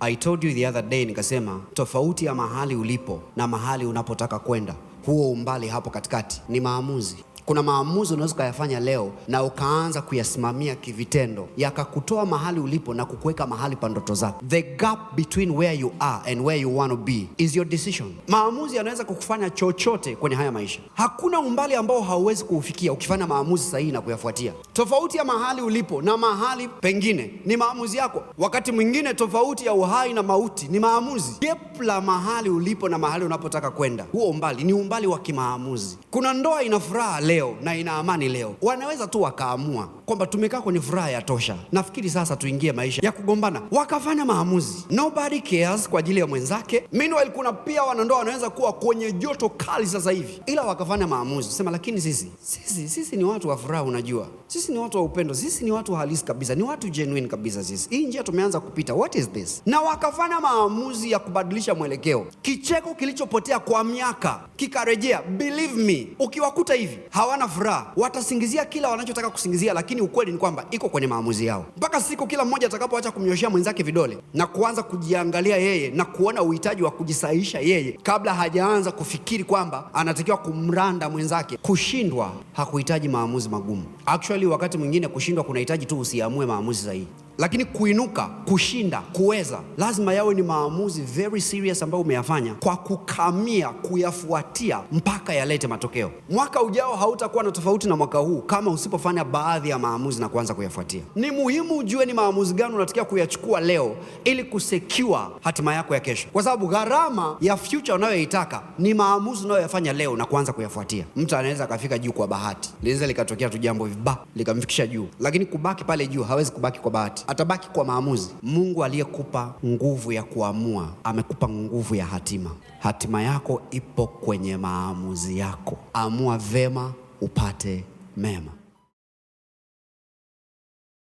I told you the other day nikasema tofauti ya mahali ulipo na mahali unapotaka kwenda, huo umbali hapo katikati ni maamuzi. Kuna maamuzi unaweza ukayafanya leo na ukaanza kuyasimamia kivitendo, yakakutoa mahali ulipo na kukuweka mahali pa ndoto zako. The gap between where you are and where you want to be is your decision. Maamuzi yanaweza kukufanya chochote kwenye haya maisha. Hakuna umbali ambao hauwezi kuufikia ukifanya maamuzi sahihi na kuyafuatia. Tofauti ya mahali ulipo na mahali pengine ni maamuzi yako. Wakati mwingine tofauti ya uhai na mauti ni maamuzi. Gap la mahali ulipo na mahali unapotaka kwenda, huo umbali ni umbali wa kimaamuzi. Kuna ndoa ina furaha leo leo na ina amani leo, wanaweza tu wakaamua kwamba tumekaa kwenye furaha ya tosha, nafikiri sasa tuingie maisha ya kugombana. Wakafanya maamuzi, nobody cares kwa ajili ya mwenzake. Meanwhile, kuna pia wanandoa wanaweza kuwa kwenye joto kali sasa hivi, ila wakafanya maamuzi sema, lakini sisi sisi sisi ni watu wa furaha, unajua sisi ni watu wa upendo, sisi ni watu halisi kabisa, ni watu genuine kabisa. Sisi hii njia tumeanza kupita, what is this? Na wakafanya maamuzi ya kubadilisha mwelekeo. Kicheko kilichopotea kwa miaka kikarejea. Believe me, ukiwakuta hivi hawana furaha, watasingizia kila wanachotaka kusingizia, lakini lakini ukweli ni kwamba iko kwenye maamuzi yao. Mpaka siku kila mmoja atakapoacha kumnyoshea mwenzake vidole na kuanza kujiangalia yeye na kuona uhitaji wa kujisahihisha yeye, kabla hajaanza kufikiri kwamba anatakiwa kumranda mwenzake. Kushindwa hakuhitaji maamuzi magumu. Actually, wakati mwingine kushindwa kunahitaji tu usiamue maamuzi sahihi. Lakini kuinuka, kushinda, kuweza, lazima yawe ni maamuzi very serious ambayo umeyafanya kwa kukamia kuyafuatia mpaka yalete matokeo. Mwaka ujao hautakuwa na tofauti na mwaka huu kama usipofanya baadhi ya maamuzi na kuanza kuyafuatia. Ni muhimu ujue ni maamuzi gani unatakiwa kuyachukua leo ili kusekiwa hatima yako ya kesho, kwa sababu gharama ya future unayoitaka ni maamuzi unayoyafanya leo na kuanza kuyafuatia. Mtu anaweza akafika juu kwa bahati, linaweza likatokea tu jambo viba likamfikisha juu, lakini kubaki pale juu hawezi kubaki kwa bahati atabaki kwa maamuzi. Mungu aliyekupa nguvu ya kuamua amekupa nguvu ya hatima. Hatima yako ipo kwenye maamuzi yako. Amua vema upate mema.